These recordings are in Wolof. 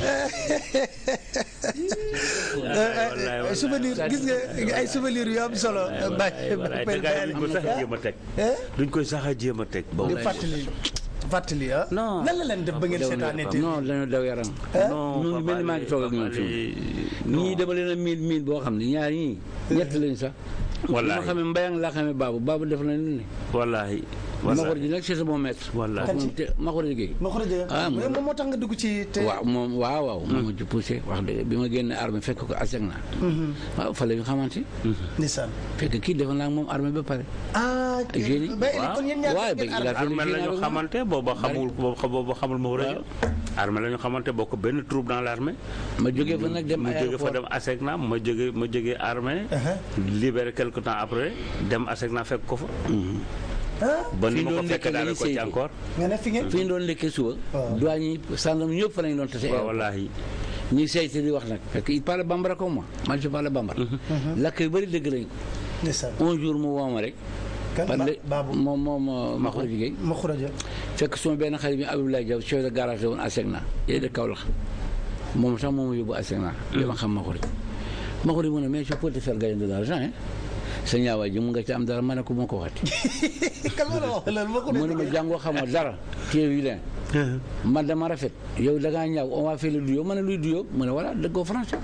souvenir gis nga ay souvenir yu am solo. duñ teg. duñ koy sax a jéem a teg. Eh? di fàttali fàttali ah. non lan la leen def ba ngeen seetaanee tey. non dañoo daw yaram. Eh? non mel ni maa ngi toog ak ñoom fii. ñii dama leen a miin miin boo xam ne ñaar ñii eh? ñett lañ sax. wallaahi bu ma xamee mbayang laa xamee baabu baabu def na ni. wallaahi. maxorji nag c'est mon maître maxorji géej ah moom moo tax nga dugg ci moom waaw waaw hmm. moom ci poussé wax dëgg bi ma génn armée fekk ko aseg naa hmm. waaw fa la ñu xamante hmm. ndeysaan fekk kii defoon naa moom armée ba pare ah génie waaw armée la ñu xamante booba xamul booba xamul ma war a armée la ñu xamante bokk benn troupe dans l'armée ma jógee fa nag dem ma jógee fa dem aseg naa ma jógee ma jógee armée uh-huh. libéré quelque temps après dem aseg naa fekk ko fa ba ni ma ko fekk daal ko ci encore. nga ñu doon lekkee suba. waaw ah. doyen yi sàndarma ñëpp fa lañu doon tase. waaw wallaahi. ñuy wax nag fekk il parle bambara comme moi man mm-hmm. Mm-hmm. un jour mu woo ma rek. kan baabu moom moom Makhura Dieng. fekk suma benn xarit bi Abdoulaye Diaw chef de garage la woon Asegna yéen de Kaolack moom sax moom yóbbu Asegna. li mm. ma xam Makhura Makhura mu ne mais je peux te faire gagner de l'argent hein. sëñ Awa ji mu nga ci am dara man ne ko ma ko waxati. kan ma la wax mu ne ma jàngoo xamoo dara. kii uh-huh. man dama rafet. yow da ngaa ñaaw on va faire le duo ma ne luy duo mu ne voilà dëggoo français.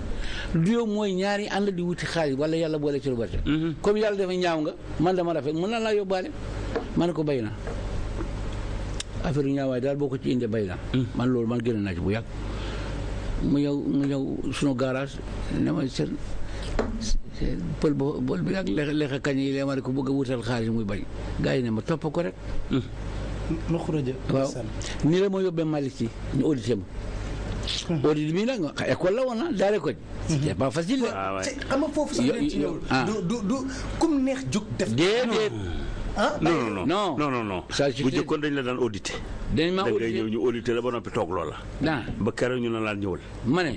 duo mooy ñaari ànd di wuti xaalis wala yàlla boole ci lu uh-huh. bari. comme yàlla dafa ñaaw nga man dama rafet mën na laa yóbbaale. ma ne ko bay na affaire daal boo ko ci indee bay uh-huh. man loolu man génn naa ci bu yàgg. mu ñëw mu ñëw sunu garage ne ma seen pël ba bool bi nag lex a kañ yi lee ma ko bëgg a wutal xaalis muy bañ gars yi ne ma topp ko rek. Makhourédia. waaw nii la ma yóbbee Malick yi ñu audité ma. audit bi nag école la woon ah ko. c'est pas facile neex jug def. déedéet. Ah. ah non non non non non bu jëkkoon dañ la daan audité. dañ ma audité ñëw ñu audité la ba noppi toog la ah. ba keroog ñu ne laan ñëwal. ma ne.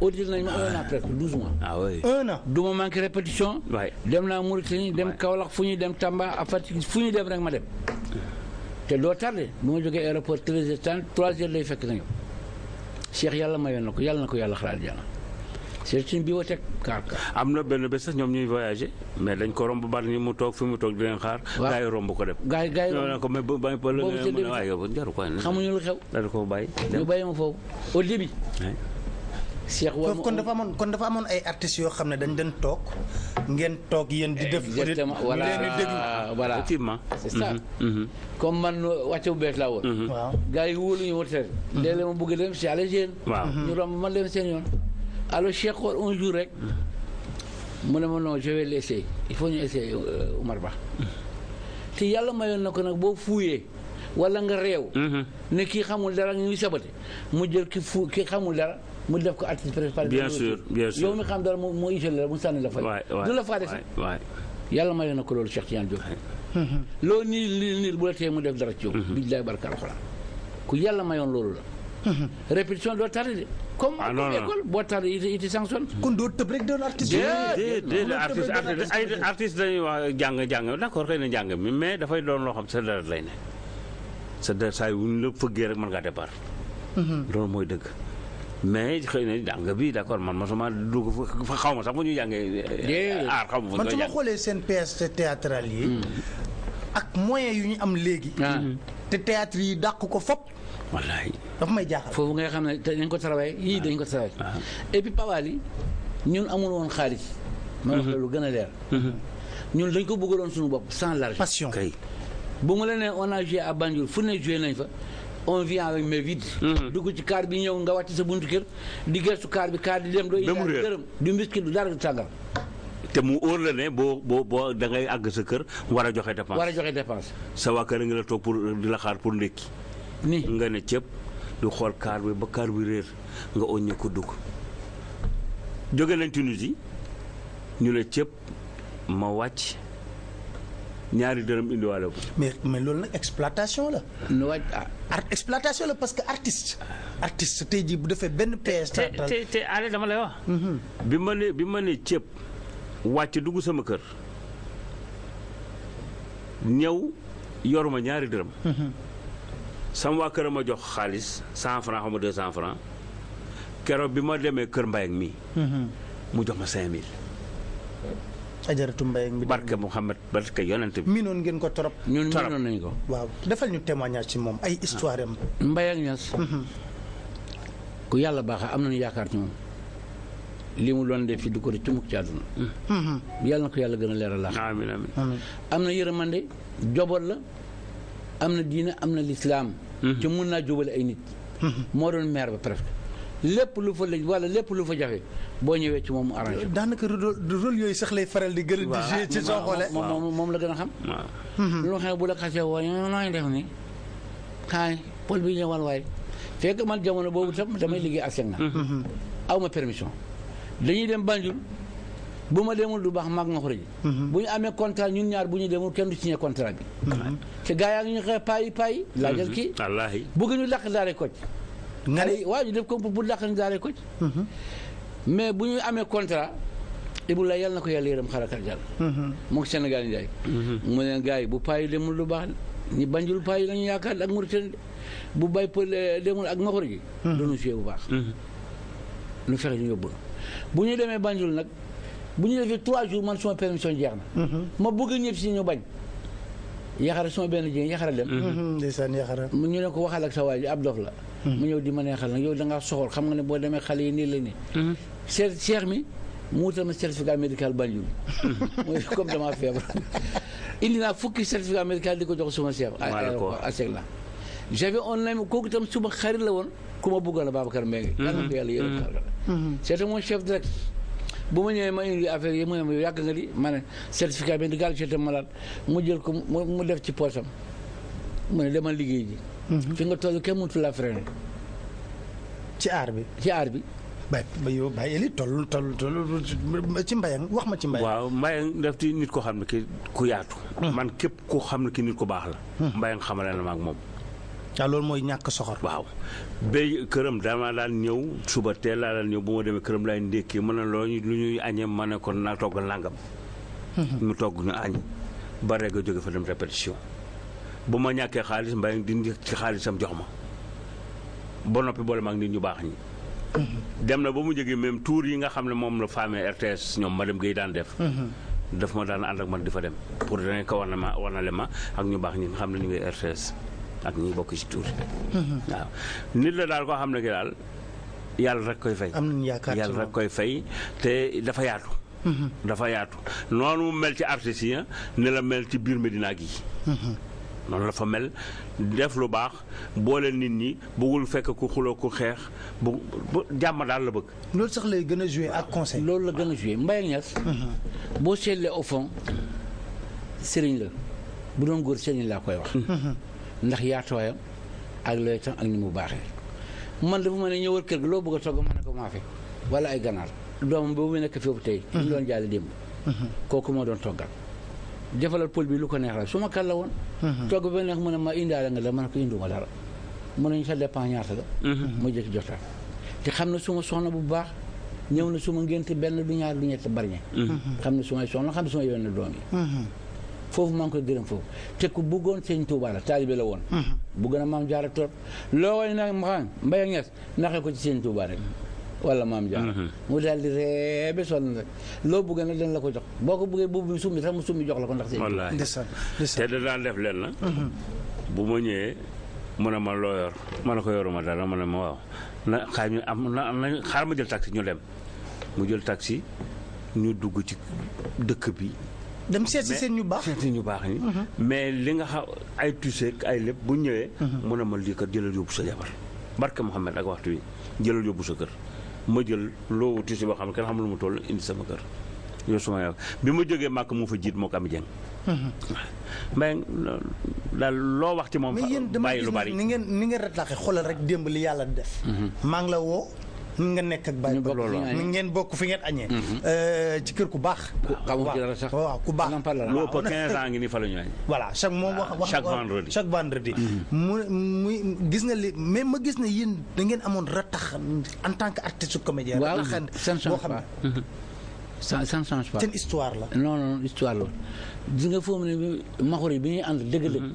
audit nañ ma un an presque douze mois. ah oui un an. du ma manqué répétition. waay dem naa Mauritanie dem Kaolack fu dem Tamba à Fatick fu dem rek ma dem. té do tardé mo ma aéroport 13 heures trente trois heures lay fekk nañu Cheikh yalla mayoon nako yalla nako yalla ko yàlla xalaat yàlla. c'est une bibliothèque car am na benn bés sax ñom ñuy voyager mais dañ ko romb bari ni mu tok fi mu tok di len xaar. waaw romb ko dem. gars yi gars yi romb ko mais ba ba ko xamu ñu lu xew. da di ko bàyyi. ñu bàyyi ma fofu au début. Cheikh Wa kon dafa amoon kon dafa amoon ay artistes yoo xam ne dañ doon toog ngeen toog yéen di def. exactement voilà voilà effectivement. c'est mhm. Mhm. comme man wàcce bu bees laa woon. Mhm. waaw gars yi wóolu ñu woon seen. léeg-léeg ma bëgg dem si àll seen yoon. alors Cheikh xool un jour rek. mu ne ma non je vais l'essayer il faut ñu essayer euh, Omar Ba. te yàlla mayoon na ko nag boo fuuyee. wala nga réew. ne kii xamul dara ñu ngi sabate mu jël ki fu ki xamul dara. mu def ko artiste principal. bien sûr bien sûr yow mi xam dara moo itteel la mu sànni la fa. waay du la faa def yàlla may na ko loolu Cheikh Tidiane Diop. loolu mm-hmm. ku yàlla mayoon loolu la. répétition doo tardé de. na jàng mi mais dafay doon loo xam sa deret lay la fëggee rek mën ngaa départ. Mm-hmm. loolu mooy dëgg. mais xëy na jàng bi d' accord man mosuma dugg fa xaw ma sax fu ñuy jàngee. aar xaw ma fu man su ma xoolee seen pièces théâtrales yi. ak moyens yu ñu am léegi. te théâtre yi dàq ko fop wallaay dafa may jaaxal. foofu ngay xam ne dañ ko travaillé yii dañ ko travaillé. et puis Pawali ñun amul woon xaalis. ma wax lu gën a leer. ñun dañ ko bëggaloon suñu bopp sans l'argent. passion kay bu ma la nee on a joué à Banjul fu ne joué nañ fa. on vient avec mais vide. Mhm. dugg ci kaar bi ñëw nga wàcc sa buntu kër di gëstu kaar bi kaar di dem. doo indi dërëm du mbiskit du dara du te mu óor la ne boo boo boo da ngay àgg sa kër war a joxe dépense. war a joxe dépense. sa waa kër nga la toog pour di la xaar pour ndékki. ni nga ne cëpp lu xool kaar bi ba kaar bi réer nga oññee ko dugg. jóge nañ Tunisie ñu ne cëpp ma wàcc. ñaari dërëm indiwaale ko. mais loolu nag exploitation la. nu waaj ah. exploitation la parce que artiste. artiste tey jii bu defee benn PS. te te te dama lay wax. Mhm. bi ma ne bi ma ne ceeb wàcc dugg sama kër ñëw yoruma ñaari dërëm. Mhm. sama waa këram a jox xaalis cent franc xaw ma deux cent franc bi ma demee kër Mbaye ak mii. Mhm. mu jox ma cinq mille. ajaratu mbay mi barke Mouhamed barke yonent bi. miinoon ngeen ko trop. ñun miinoon nañu ko. waaw defal ñu témoignage ci moom ay histoire am. Ah. Mbaye ak Niass. Mhm. ku yàlla baaxa am nañu yaakaar ci moom. li mu doon def fi du ko rëcc mukk ci àdduna. Mhm. yàlla na ko yàlla gën a leeral laax. amiin amiin am na yërëmande joboot la am na diina am na lislaam. ci mhm. mun naa jubale ay nit. moo doon meer ba presque. lépp lu fa lëj wala lépp lu fa jafe boo ñëwee ci moom mu arrangé daanaka rôle yooyu sax lay faral di gën a di jouer ci soo xoolee moom la gën a xam lu xam bu la xasee woo nooy def ni xaay pël bi ñëwal waay fekk man jamono boobu tam damay liggéey ak na mm-hmm. aw ma permission dañuy dem Banjul bu ma demul du baax mag nga xuraj bu ñu amee contrat ñun ñaar bu ñu demul kenn du signé contrat bi mm-hmm. te gaa yaa ngi ñu xeex payi payi mm-hmm. laa jël kii wallaahi bëgg ñu lakk nga ne waaw ñu def ko bu dàq ñu daanee ko ci. Mhm. mais bu ñu amee contrat. Ibou la yàlla na ko yàlla yërëm xarakar jàll. Mhm. moom Sénégal Ndiaye. Mhm. mu ne gars yi bu paa yi demul lu baax ñu banjul paa yi la ñu yaakaar ak Mauritanie bu bay pël eh, demul ak Ngor gi. doonu bu lu fexe ñu yóbbu bu ñu demee nag bu ñu defee trois jours man suma permission jeex na. ma bëgg ñëpp si ñu bañ. yaxara suma benn jigéen yaxara dem. ndeysaan yaxara. ñu ne ko waxal ak sa waa ji ab dof la. mu ñëw di ma neexal nag yow da ngaa soxor xam nga ne boo demee xale yi nii la nii. seet seex mi mu wutal ma certificat médical Banjul mooy comme damaa feebar indi naa fukki certificat médical di ko jox suma a seeg la j'avais online kooku itam suma xarit la woon ku ma bëggoon la Babacar Mbengue. Mm-hmm. yàlla na ko yàlla yërëm mm-hmm. mm-hmm. c'était mon ma ma indi affaire yi ma yàgg nga di ma ne certificat mu jël ko mu def ci poosam mu ne demal liggéey ji. fi nga toll kenn mënatu la freiné. ci aar bi ci aar bi. ba yow bay Eli toll toll toll ci mbayang wax ma ci mbayang. waaw mbayang daf ti nit koo xam ne ki ku yaatu. Hmm. man képp ku xam ne ki nit ku baax la. Hmm. mbayang xamale na maak ak moom. waaw ah, loolu mooy ñàkk soxor. waaw béy këram dama daan ñëw suba teel laa daan ñëw bu ma demee këram laay ndékkee mën na loo lu ñuy añee ma ne ko naa togg nangam. Hmm. mu togg ñu añ. ba rek jóge fa dem répétition. bu ma ñàkkee xaalis mbay di ci xaalisam jox ma ba noppi boole ma ak nit ñu baax ñi. dem na ba mu jógee même tour yi nga xam ne moom la faame RTS ñoom madame Guèye daan def. daf ma daan ànd ak man di fa dem pour danañ ko war ma war le ma ak ñu baax ñi xam ne ñu ngi ak ñi bokk ci tour waaw la daal koo xam ne ki daal yàlla rek koy fay. am nañu yaakaar yàlla rek koy fay te dafa yaatu. Mhm. dafa yaatu noonu mel ci artistes yi ne la mel ci biir Medina gi. Mhm. noonu la fa mel def lu baax boole nit ñi bëggul fekk ku xuloo ku xeex bu jàmm daal la bëgg. loolu sax lay gën a joué ak conseil. loolu la gën a joué Mbaye Niass. Mhm. boo seetlee au fond sëriñ la bu doon góor sëriñ laa koy wax. Mhm. ndax yaatuwaayam ak looy tam ak ni mu baaxee. man dafa ma ne ñëwal kër gi loo bëgg a togg mën a ko maafe wala ay ganaar doomam boobu nekk fii tey. ñu mhm. doon jàll démb. kooku moo doon toggal. defalal pël bi lu ko neex rek su ma kan la woon. Mhm. togg ba neex mu a ma indaale nga la ma ne ko indiwuma dara a ne ñu sa dépend ñaata la. ma mhm. jëkk jotaat te xam ne su ma soxna bu baax ñëw na su ma ngénte benn du ñaar du ñett bari mhm. xam ne su may soxna xam foofu maa koy gërëm foofu te ku bëggoon sëñ Tuubaa la la woon. bëgg na maam jaara loo way nag ma xam mbay ak ñes naxee ko ci sëñ rek. wala maam Diarra. Uh-huh. mu daal di sonn loo bëgg nag dañ la ko jox boo ko bëggee boobu summi sax mu summi jox la ko ndax. wallaahi te da daan def leen na. Uh-huh. bu ma ñëwee mu ne ma loo ma ne ko yoruma dara ma ne ma waaw na xaar am na na xaar ma jël taxi ñu dem mu jël taxi ñu dugg ci dëkk bi. dem seet si seen ñu baax seet si ñu baax ñi. Uh-huh. mais li nga xam ay tuuseeg ay lépp bu ñëwee. mu ne ma lii kat jëlal yóbbu sa jabar barke Mouhamed ak waxtu wi jëlal yóbbu sa kër. ma jël loowu tuuti boo xam ne kenn xam lu mu toll indi sama kër yow suma yaakaar bi ma jógee màkk mu fa jiit moo ko am jeng mais mhm. daal loo wax ci moom. bàyyi lu bari mais yéen dama gis ni ngeen ni ngeen rataaxee xoolal rek démb li yàlla def. Mhm. maa la woo mu nga nekk ak ngeen bokk fi ngeen añee mhm. euh, ci kër ku baax xamu ci dara sax ku baax lu ëpp 15 ans ngi ni fa la añ voilà chaque vendredi mhm. mu gis nga li mais ma gis ne yéen da ngeen amoon ratax en tant que artiste comédien rataxan boo xam ne mhm. ça ça ne change la. non non histoire la gis nga foo ne Makhoury bi ñuy ànd dëgg-dëgg.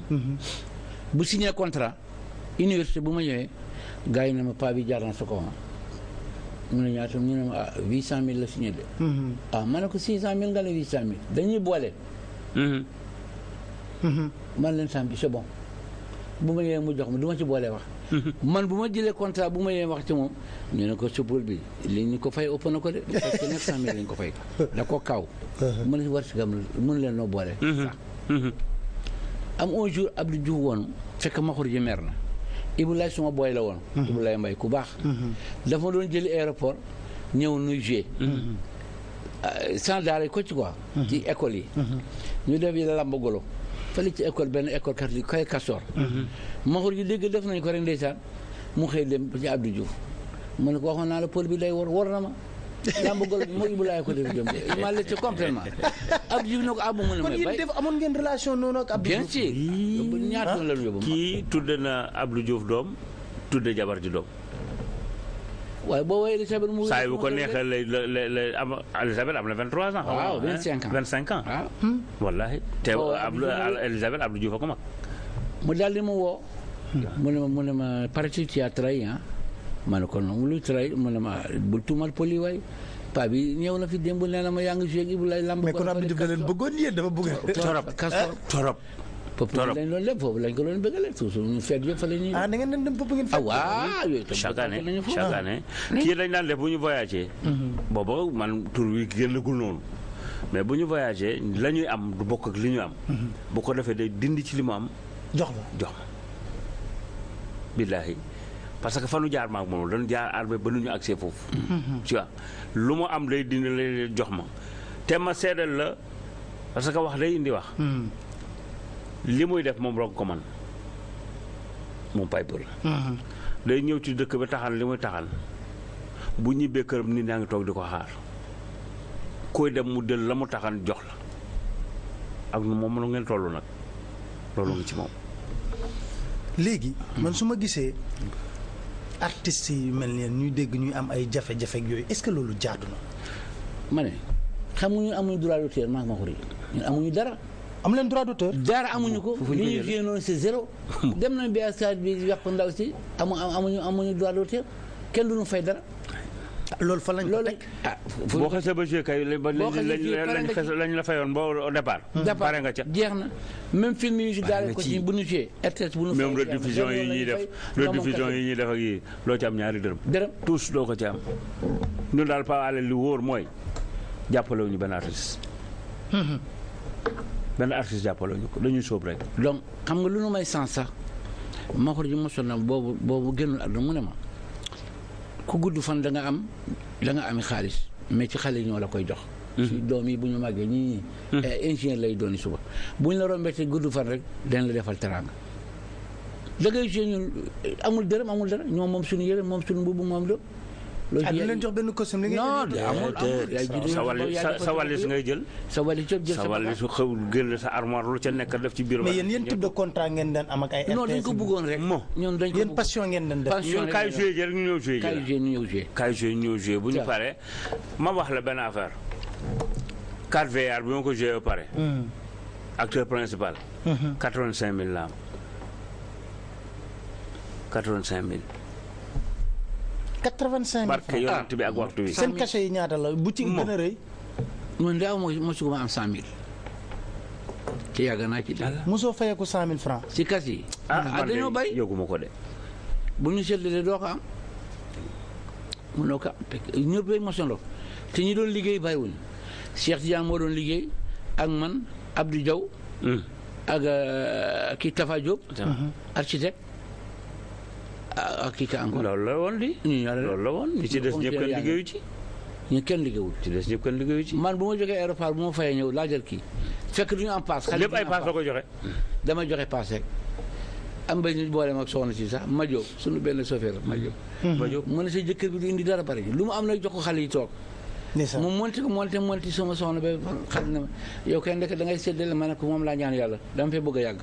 bu signé contrat université bu ma ñëwee gars yi ne ma paa bi jaar na sa mu ne ñaata ñu ne ma ah 800000 la signé de. Mm-hmm. ah ma ne ko 600000 nga ne 800000 dañuy boole. Mm-hmm. Mm-hmm. man leen sàmm bi c'est bu ma ñëwee mu jox ma du ma ci boole wax. man bu ma jëlee contrat bu ma yee wax ci moom ñu ne ko supul bi li ñu ko fay ëpp na ko de parce que neuf ko fay da ko kaaw uh-huh. mën war si gam mën leen noo boole am un jour Abdou Diouf woon fekk Makhoury ji mer na Ibulaay suma booy la woon. Ibulaay Mbay ku baax. dafa ma doon jëli aéroport ñëw nuy joué. Euh, sans daara ko ci quoi. ci école yi. ñu def yi lamba golo. fële ci école benn école catholique kay Kastoor. Maxur yu dégg def nañu ko rek ndeysaan mu xëy dem ci Abdou mu ne ko waxoon naa la pël bi day wor wor na ma. Yamba Golo bi moo Ibulaay ko def démb maa la ci complètement ab ab mu noonu ak Abdou hmm? ma hmm. mu ne ma mu ne ma ma ne ko noonu luy tray ma ne ma bul tuumal poli waay paa bi ñëw na fi démb nee na ma yaa ngi joué ak Ibulaay Lamb. mais kon am na leen bëggoon yéen dafa bëgg. torop kaso torop. pop lañ doon lépp foofu lañ ko doon bëggale toujours ñu fekk yëpp fa la ñuy. ah da ngeen dem pop ngeen fekk. ah waaw yooyu tam chaque année chaque année kii dañ daan def bu ñu voyagé. Mhm. boobu man tur wi génnagul noonu. mais bu ñu voyagé la ñuy am du bokk ak li ñu am. Mhm. bu ko defee day dindi ci li mu am. jox la jox la billaahi parce que fa nu jaar maak moom dañu jaar armée ba nu ñu accès foofu. lu mu am lay dina lay jox ma te ma seedal la parce que wax day indi wax. Hmm. li muy def moom rog ko man moom Piper la. Hmm. day ñëw ci dëkk bi taxal li muy taxal bu ñibbee këram nit ñaa ngi toog di ko xaar koy dem mu dël la mu taxal jox la ak nu moom nu ngeen toll nag loolu nga ci moom. léegi man su ma gisee. artistes yu mel ni ñuy dégg ñuy am ay jafe-jafe yooyu est-ce que loolu jaadu na. ma ne xam nga ñun amuñu droit d'auteur maa ma xuri ñun amuñu dara. am leen droit jaar amuñu ko. li ñu génnoon noonu c'est zéro. dem nañu ba stade bi yàq ndaw si amu amuñu amuñu droit d'auteur du nu fay dara. loolu fa lañ ko teg ah, boo xasee ba joué kay lañ la fayoon boo départ. départ pare nga ca jeex na même film yi si gaale ko ci bu ñu joué RTS bu ñu même rediffusion yi ñuy def rediffusion yi ñuy def ak yii loo ci am ñaari dërëm. dërëm tous doo ko ci am. ñun daal Pape Alé li wóor mooy jàppale wu ñu benn artiste. benn artiste jàppale ñu ko dañuy sóob rek. donc xam nga lu nu may sens sax ma xool ji mosoon na boobu boobu génnul àdduna mu ne ma. ku gudd fan danga am danga nga ami xaalis mais ci xale yi ñoo la koy jox. Mhm. si doom yi bu ñu màggee ñii. Mhm. Eh, ingénieur lay dooni suba bu ñu la rombee te gudd fan rek dañ la defal teraanga. da ngay gis eh, amul dërëm amul dara ñoom moom suñu yére moom suñu mbubb moom lépp. loolu ak ah, leen jox benn costume li non amul amul sa walis ngay jël. sa walis jël sa walis su xew génn sa armoire lu ca nekk def ci biir. mais yéen yéen type de contrat ngeen daan am ak ay. RTS non dañ ko bëggoon rek. mo ñun dañ ko yéen passion ngeen daan def. passion ngeen daan def ñun kaay joué rek ñu ñëw joué. kaay joué ñu ñëw joué. kaay joué ñu ñëw joué bu ñu paree. ma wax la benn affaire. 4 VR bi ma ko joué ba pare. Hmm. acteur principal. 85000 hmm. la am 85000. quatre-vingt-cinq mille bi ak waxtu wi seen cachet yi ñaata la bu ci gën a rëy man daaw mosuma am yàgg naa ci dara mosoo fayeeku cent mille si kas yi ah, ah dañoo bari yëguma ko de bu ñu seddalee doo ko am mënoo ko am te te ñi doon liggéey bàyyiwuñu Cheikh Tidiane moo doon liggéey ak man Abdou Diaw hmm. ak euh, ki Tafa Diop Ah, ah kii ka encore. la woon di. ñu ñaareel loolu la woon. ñu ci des ñëpp kenn liggéeyu ci. ñu kenn liggéeyul. ci des ñëpp kenn liggéeyu ci. man bu ma jógee aéroport bu ma fayee ñëw laajal kii fekk du ñu am paas. lépp ay am ba ñu boole ma soxna si sax ma jóg benn chauffeur ma jóg. mu ne sa jëkkër bi du indi dara bari lu mu am nag jox ko xale yi toog mu monti ko monti monti sama soxna ba xam na yow kenn rek da ngay séddale ma ne ko moom laa ñaan yàlla dama fee bëgg a yàgg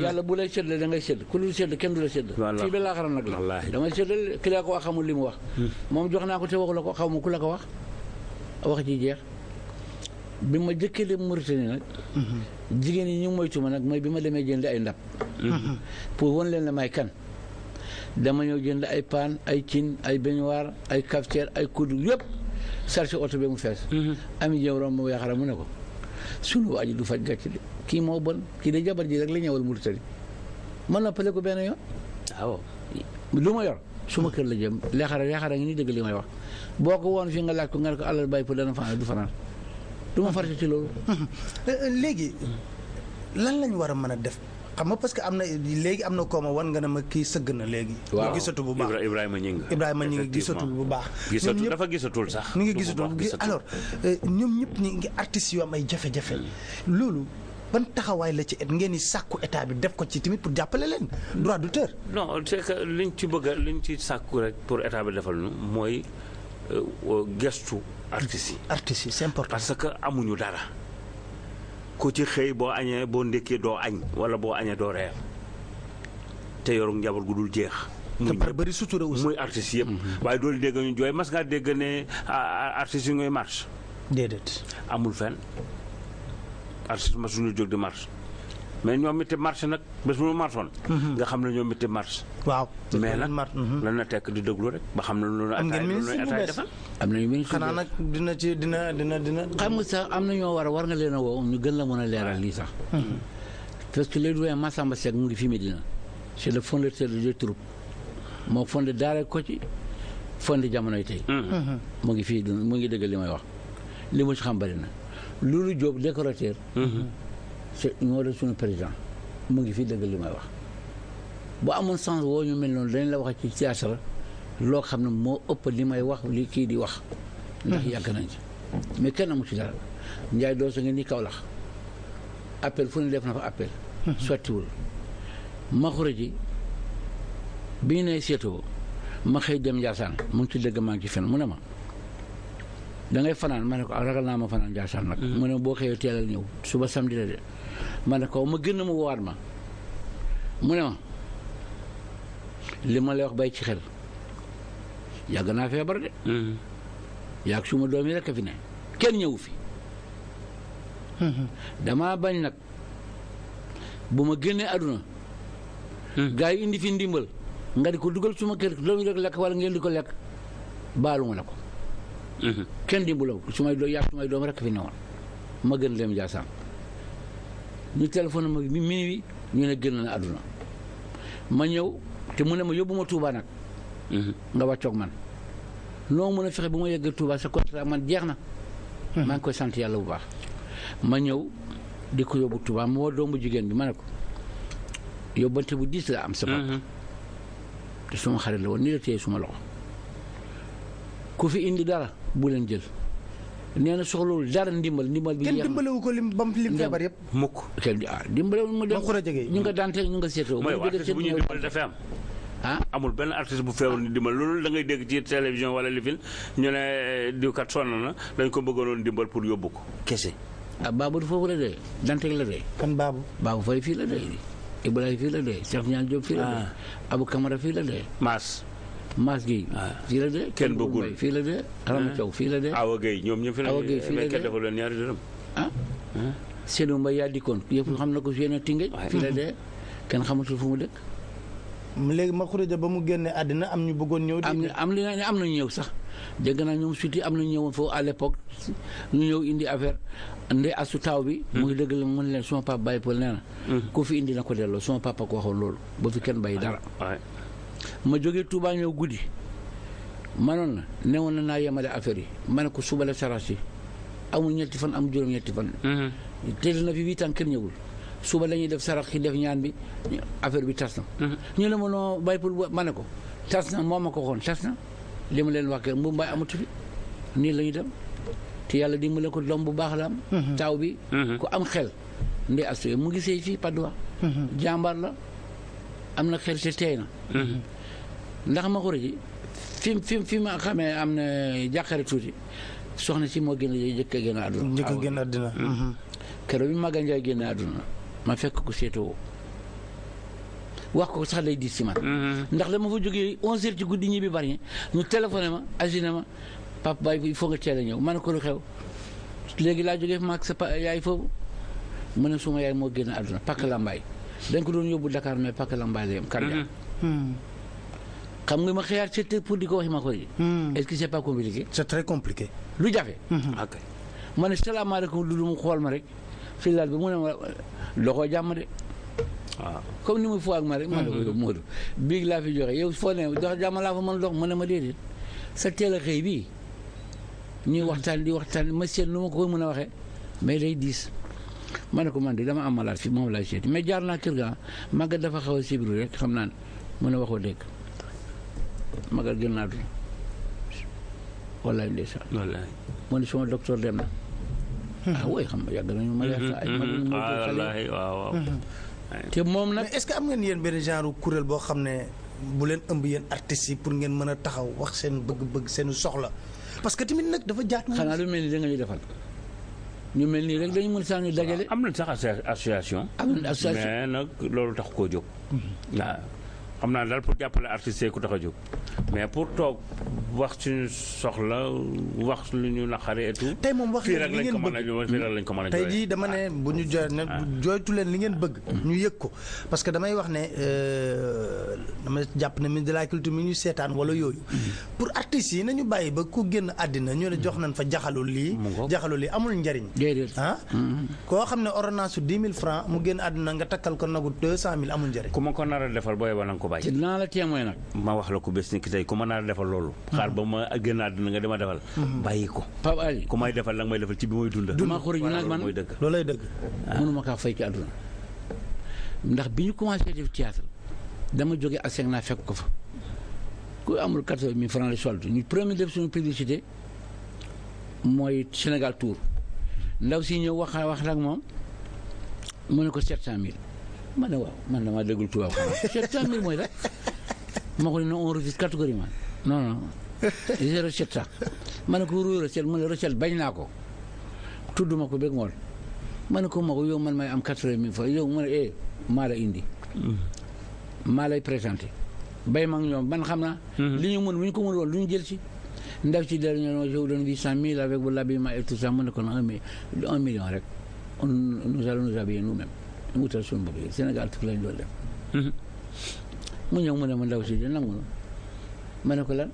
yàlla bu lay séddale da ngay sédd ku dul sédd kenn du la sédd fii ba laaxaram nag la da ngay séddale ki ko wax xamul wax moom jox naa ko te waxu la ko ku la ko wax wax ji jeex bi nag jigéen yi ñu nag mooy bi ma demee jënd ay ndab pour won leen ne may kan dama ñëw jënd ay paan ay cin ay beñuwaar ay cafetière ay kudd yëpp charge oto bi mu fees mhm. ami jëw rom ma mu ne ko sunu waa ji du faj gàcc de kii moo bon kii de jabar ji rek la ñëwal Mauritanie man na noppale ko benn yoon waaw lu ma yor su ma kër la jëm yaxara yaxara ngi ni dëgg li may wax boo ko woon fii nga laaj ko nga ne ko alal bàyyi pour dana fanaan du fanaan du ma farata ci loolu léegi lan lañ war a mën a def xam nga parce am na léegi am na koo ma wan nga ne ma kii sëgg na léegi. waaw gisatu bu baax Ibrahima Ngingue. Ibrahima Ngingue gisatul bu baax. gisatu dafa gisatul sax. mi ngi gisatul alors euh, ñoom ñëpp ñi ngi artistes yu am ay jafe-jafe. Hmm. loolu ban taxawaay la ci et ngeen di sàkku état bi def ko ci tamit pour jàppale leen hmm. droit d'auteur. non c'est que liñ ci bëgg a liñ ci sàkku rek pour état bi defal ñu mooy euh, gestu artistes yi. artistes yi c'est important parce que amuñu dara. ku ci xëy boo añee boo ndékkee doo añ wala boo añee doo reer te yoru njaboot gu dul jeex te pare bari sutura aussi muy artistes yëpp mhm. waaye doolu dégg ñu jooy mas ngaa dégg ne artistes yi ñooy marche déedéet amul fen artistes ma suñu jóg di marche mais ñoom itam marche nag bés bu ma marchoon mhm. nga xam ne ñoom itam marche waaw mais nag mhm. lan na tekk di déglu rek ba xam na loolu am ngeen ministre bu bees am xanaa nag dina ci dina dina dina xam nga sax am na ñoo war a war nga leen a woo ñu gën la mën a leeral lii sax mhm. parce que le doyen Massamba Seck mu ngi fi Medina c'est le fondateur de deux moo moo fondé ko ci fondé jamonoy tey mu ngi fii mu ngi dëgg li may wax li mu ci xam bari na loolu Diop décorateur c'est ñoo de suñu président mu ngi fi dëgg li may wax boo amoon sens woo ñu mel noonu dañ la wax ci siyaasara loo xam ne moo ëpp li may wax li kii di wax ndax yàgg nañ ci mais kenn amu ci dara njaay doo sa ngi ni Kaolack appel fu ne def na fa appel sottiwul maxura ji bi ñu nee seetoo ma xëy dem Njaasaan mu ngi ci dëgg maa ngi ci fen mu ne ma da ngay fanaan ma ne ko ragal naa ma fanaan jaasaan nag mu mm. ne boo xëyee teelal ñëw suba samedi la de ma ne ko ma gën mu waat ma mu ne ma li ma lay wax bay ci xel yàgg naa feebar de mm. yàgg suma doom yi rek fi ne kenn ñëwu fi mm-hmm. bañ nag bu ma génnee aduna mm. gaa yi indi fi ndimbal nga di ko dugal suma kër doom yi rek lekk wala ngeen di ko lekk baalu ma la ko Mm-hmm. kenn dimbaloo su may doo yàgg su may doom rek fi newoon ma gën dem Ndiassane ñu téléphone ma mi minuit ñu ne génn na àdduna ma ñëw te mu ne ma yóbbu ma Touba nag. Mm-hmm. nga wàccoog man noo mën a fexe bu ma yeggee Touba sa contrat man jeex na. Mm-hmm. maa ngi koy sant yàlla bu baax. ma ñëw di ko yóbbu Touba ma doomu jigéen bi ma ne ko yóbbante bu diis la am. sa bopp te suma xarit la woon ni la téye suma loxo ku fi indi dara. bu leen jël nee na soxlawul dara ndimbal ndimbal bi. kenn dimbalewu ko lim ba mu lim feebar yëpp. mukk kenn ah dimbalewul mu dem ñu nga daan ñu nga seetoo. mooy artiste bu ñuy dimbal dafa am. ah amul benn artiste bu feebar ñu dimbal loolu da ngay dégg ci télévision wala lifin ñu ne eh, diw kat sonn na dañ ko bëggoon dimbal pour yóbbu ko kese. ah Babou foofu la dee Dantec la dee. kan Babou. Babou fii la dee. Ibrahima fii la dee. Cheikh Niane Diop fii la ah. dee. Abou Camara fii la dee. Mass Guèye. Ah. fii la dee. kenn bëggul fii la dee. Rama ah. Thiaw fii la dee. Awa Guèye ñoom ñëpp fi la dee mais kenn defal leen ñaari dërëm. ah, ah. Seydou yaa dikkoon yëpp hmm. xam na ko si yeneen Tingéej. fii la dee kenn xamatul fu mu dëkk. léegi Makhourédia ba mu génne àddina am ñu bëggoon ñëw. am am li am nañu ñëw sax dégg naa ñoom surtout am na ñëwoon foofu à l'époque ñu ñëw indi affaire ndey asu taaw bi. Hmm. mu ngi dëgg la mu ne leen suma papa bàyyi Paul nee na. Hmm. ku fi indi na ko delloo suma papa ko waxoon loolu ba fi kenn bàyyi dara. ma jógee Touba ñëw guddi manoon na newoon na naa yemale affaire yi ma ne ko suba la saraas yi amul ñetti fan am juróom-ñetti fan. Mhm. teel na fi huit ans kenn ñëwul. suba la ñuy def sarax yi def ñaan bi affaire bi tas na. Mhm. ñu ne ma bàyyi pour ma ne ko tas na moom ma ko waxoon tas na li ma leen wax kay mbu mbaay amatu fi nii la ñuy dem te yàlla di mu la ko doom bu baax la am. Mhm. taaw bi ku am xel. ndey Astou mu gisee fii Padois. jàmbaar la. am na xel te teey na. ndax Makoro ji fi mu fi mu am na jàqare tuuti soxna si moo gën njëkk génn àdduna. njëkk a génn àdduna. Ah, keroog bi Maga Ndiaye génn àdduna ma fekk ko seetoo wax ko sax lay diis si man. Mm-hmm. ndax dama fa jógee 11h ci guddi ñi bi bari ñu téléphoné ma agina ma papa baay il faut teel a ñëw ma ne ko laa jógee maag sa yaay suma yaay moo génn àdduna pàkk làmbaay dañ ko doon Dakar mais la mhm. hmm. ma pour waxi ma hmm. ce c'est pas compliqué. c'est très compliqué. lu jafe. Hmm. ma ma rek bi ah. comme ni ma rek. ma Modou biig laa fi joxe yow foo ne dox jàmm laa fa mën dox ma di mais day diis. ma ne ko man de dama am malaat fii moom laay seeti mais jaar naa kër ga màggat dafa xaw a sibiru rek xam naa ne mu ne waxoo dégg màggat gën naa dund wallaay ndeysaan. wallaay mu ne sama docteur dem na. Hmm. ah oui xam nga yàgg nañu ma yaakaar ay mag ñu wallaay waaw waaw. Hmm. te moom nag est-ce que am ngeen yéen benn genre kuréel boo xam ne bu leen ëmb yéen artistes yi pour ngeen mën a taxaw wax seen bëgg-bëgg seen soxla parce que tamit nag dafa xanaa lu mel ni da nga ñu defal. ñu mel nii rek dañu mën saa ñu dajale. am na sax association. am na association mais na loolu tax koo jóg. Mm-hmm. xam naa daal pour jàppale artistes yi ku tax a jóg. mais pour toog wax suñu soxla wax lu ñu naxare et tout tey moom wax fii rek lañ ko mën a fii rek lañ ko mën a tey jii dama ne ah. bu ñu jooy ne ah. jooytu leen li ngeen bëgg ñu yëg ko parce que damay wax ne euh, dama jàpp ne ministre de la culture mi ñu seetaan wala yooyu pour artistes yi nañu bàyyi ba ku génn àddina ñu ne jox nañ fa jaxalu lii jaxalu lii amul njariñ ah mm-hmm. koo xam ne ordonnance su francs mu génn àddina nga takkal ko nagu 200 amul njariñ ku ko nar defal booy ba na ko bàyyi dinaa la témoin nag ma wax la ko bés ni ni ki tey ma naa defal loolu. xaar ba ma gën a dund nga dama defal. Mhm. bàyyi ko. Pape Ali ku may defal nag may defal ci bi mooy dund. Ah. ma xur ñu nag man loolay dëgg. mënuma kaa fay ci àdduna. ndax bi ñu commencé def théâtre dama jóge aseg naa fekk ko ku amul quatorze mille francs de solde ñu premier def suñu publicité mooy Sénégal Tour ndaw si ñëw wax wax nag moom mu ne ko sept cent mille ma ne waaw man damaa déggul tubaab sept cent mille mooy la Mako non on refuse catégoriquement non non je ma ne ko ruy rejet mu ne rejet bañ naa ko tudd duma ko beeg ngoon ma ne ko ma ko yow man may am quatre-vingt mille fois yow mu ne eh maa la indi. Mm-hmm. maa lay présenté bay ma ñoom man xam naa. Mm-hmm. li ñu mën bu ñu ko mën woon lu ñu jël ci. ndax ci dara ñu ne je vous donne huit cent mille avec vous l'habillement ne ko un un million rek nous allons nous habiller nous-mêmes wutal suñu bopp yi Sénégal tukki lañ doon def. Mm-hmm. mu ñëw mu ne ma ndaw si di nangu na ma ne ko lan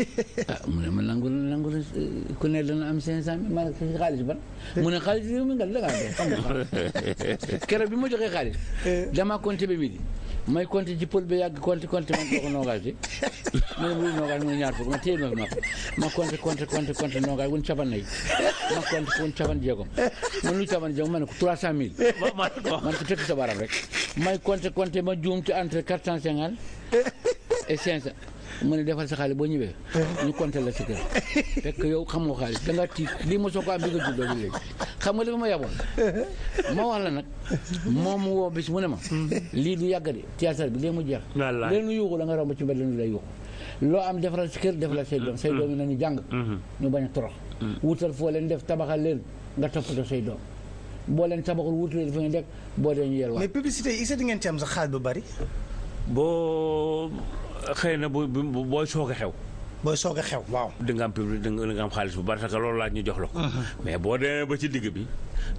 ah mu ne ma nangu na nangu na euh, ku ne dana am cinq cent mille ma ne ko xaalis ban mu ne xaalis yow mi nga dangaa dee xam nga keroog bi ma joxee xaalis eh. damaa compté ba midi may compter ci pël bi yàgg compter compter man kooku noogaay si ma ne muy noogaay muy ñaar fukk ma téye noonu ma ko ma compter compter compter compter noogaay wun caban nañ ma compter wun caban jéego man lu caban jéego ma ne ko 300000. ma ne ko tëkk sa baram rek may compter compter ma juum ci entre 450 et 500. ma ne defal sa xaalis boo ñëwee. Eh. ñu compter la sa kër. fekk yow xamoo xaalis danga tiit lii ma soo ko am bi nga juddoo bi léegi xam nga li ma yaboon. Eh. ma wax la nag moom woo bis mu ne ma. Hmm. lii du yàgg de théâtre bi lee mu jeex. wallaay leen yuuxu la nga romb ci mbedd mi lay yuuxu. loo am defaral si kër defal say doom say hmm. doom yi nañu jàng. Hmm. ñu bañ a torox. wutal foo leen def tabaxal leen nga toppatoo say doom. boo leen tabaxul wutal leen fi ñu def boo dee ñu yelwaat. mais publicité yi ngeen ci am sax xaalis bu bari. xëy na bu booy soog a xew. booy soog xew waaw. di nga am public di nga am xaalis bu bari parce que loolu laaj ñu jox la ko. Mhm. mais boo demee ba ci digg bi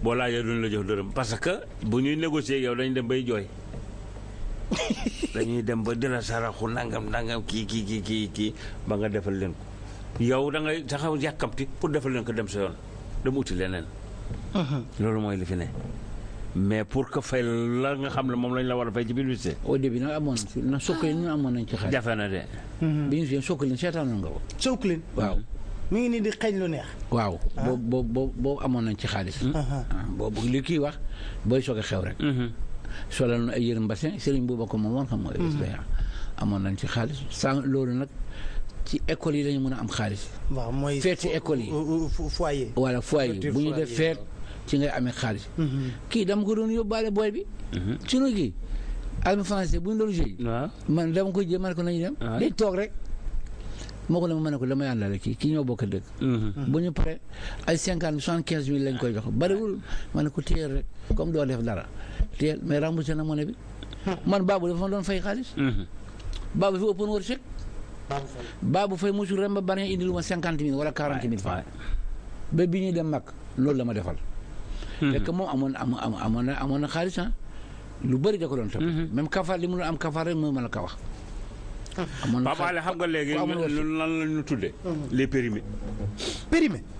boo laajee duñ la jox dërëm parce que bu ñuy négocier yow dañu dem bay jooy. dañuy dem ba dina saraxu nangam nangam kii kii kii kii kii ba nga defal leen ko yow da ngay taxaw yàkkamti pour defal leen ko dem sa yoon dem uti leneen. Mhm. loolu mooy li fi ne. mais pour que fay la nga xam ne moom lañ la war a fay ci biir publicité. au début nag amoon na Soclin ñun amoon nañ ci xaalis. jafe na de. bi ñu fi Soclin seetaanoon nga ko. Soclin waaw. mi ngi nii di xeeñ lu neex. waaw boobu boobu boobu amoon nañ ci xaalis. boobu li kii wax booy soog a xew rek. solal na ay yëre mbasin Serigne Bouba ko moom woon xam nga. amoon nañ ci xaalis sans loolu nag. ci école yi lañu mën a am xaalis. waaw mooy feeti école yi. foyer. voilà foyer bu ñu def feet. ci ngay amee xaalis. Mhm. kii dama ko doon yóbbaale booy bi. Mhm. sunu kii armée français bu ñu doon man dama ko jël man ko nañ dem. day toog rek. moo ko ma ne ko dama yàlla kii kii ñoo bokk dëkk. Mhm. bu ñu quinze mille lañ koy jox bariwul ma ne ko téyel rek comme doo def dara téyel mais remboursé na monnaie bi. man baabu dafa ma doon fay xaalis. baabu fi ëppoon wër chèque. baabu fay mosul ren ba bari indi lu ma cinquante mille wala quarante mille francs ba bi ñuy dem mag loolu la ma defal. Hmm. fekk moom amoon am am amoon na amoon na xaalis ah. lu bëri da ko doon topp hmm. même kafaar li mu doon am kafaar rek moo mën a ka wax ah. amoon na xam nga léegi lan la ñu tudde hmm. les périmés périmés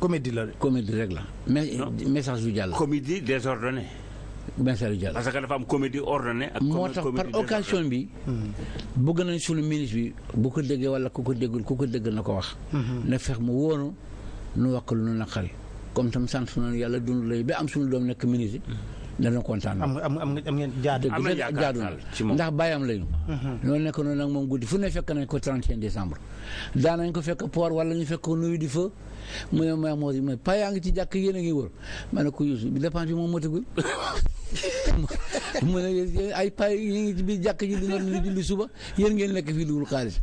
comédie la comédie rek la. message du jàll. comédie désordonnée. message du jàll. parce que dafa am comédie ordonnée. ak comédie tax par occasion bi. bëgg nañ sunu ministre bi bu ko déggee wala ku ko déggul ku ko dégg na ko wax. Mhm. na fex mu wonu nu wax lu nu naqari comme tam sant nañu yàlla dund lay ba am sunu doom nek ministre. Mhm. dana kontaan. am am am ngeen jaadu. am na jaadu ndax bàyyam lañu. Mhm. loolu nekk noonu nag moom guddi fu ne fekk nañ ko 31 décembre. daan ko fekk port wala ñu fekk ko nuyu di fa mu ne moo yaa ngi ci jàkk yéen ngi wër ma ne ko Youssou bi dépense bi moom matagul mu ne ngi ci biir di doon lu ngeen nekk fii dugul xaalis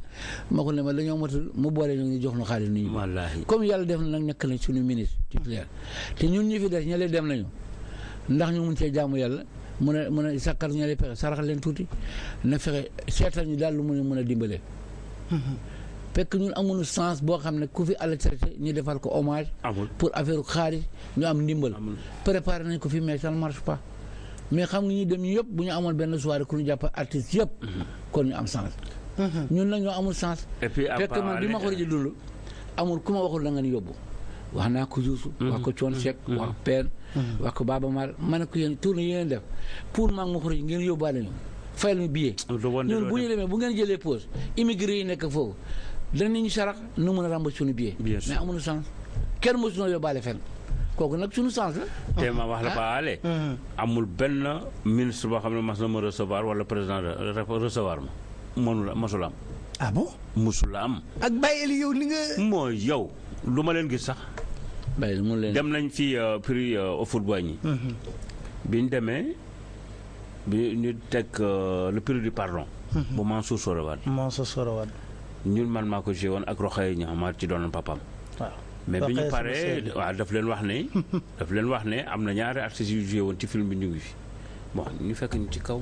ma ko ne ma dañoo matul mu boole ñu ngi jox ñu xaalis nuñu comme yàlla def na nag nekk na suñu ministre titulaire te ñun ñu fi des ña leen dem nañu ndax ñu mun cee jaamu yàlla mun a mun a sàkkal ñaari pexe saraxal leen tuuti na fexe seetal ñu daal lu mu a mun a dimbalee. Mm-hmm. fekk ñun amuñu sens boo xam ne ku fi àll traité ñu defal ko hommage. pour affaire xaalis ñu am ndimbal. préparé nañ ko fi mais ça marche pas. mais xam nga ñuy dem yëpp bu ñu amoon benn soirée ku ñu jàpp artiste yëpp. Mm-hmm. kon ñu am sens. Mm-hmm. ñun nag ñoo amul sens. et puis fekk man bi ma ko dund amul ku waxul la nga yóbbu. wax naa ko Youssou. Mhm. wax ko Thione mhm. Seck. Mhm. wax ko Pène. wax ko Baba Mar ma ne ko yéen tournée yi ngeen def pour maag ma xurij ngeen yóbbaale ñu fayal ñu billet. ñun bu ñu demee bu ngeen jëlee pause immigré yi nekk foofu danañu sarax nu mën a ràmba suñu billet. mais amuñu chance kenn mosu ñoo yóbbaale fenn. kooku nag suñu sens la. te ma wax la ba ah. ale amul benn ministre boo xam ne mas na ma wala président de recevoir ma mënu la mosul am. ah bon mosul am. ak bàyyi yow li nga. mooy yow. lu ma leen gis sax. dem nañ fi euh, prix euh, au football ñi. Mm-hmm. bi ñu demee bi ñu teg euh, le prix du pardon. Mm-hmm. bu Mansour Sorowaat. Mansour Sorowaat. ñun man maa ko joué woon ak Roxaya ña maa ci doonoon papaam. mais bi ñu paree waaw daf leen wax ne. daf leen wax ne am na ñaari artistes yu joué woon ci film bi ñu ngi fi bon ñu fekk ñu ci kaw.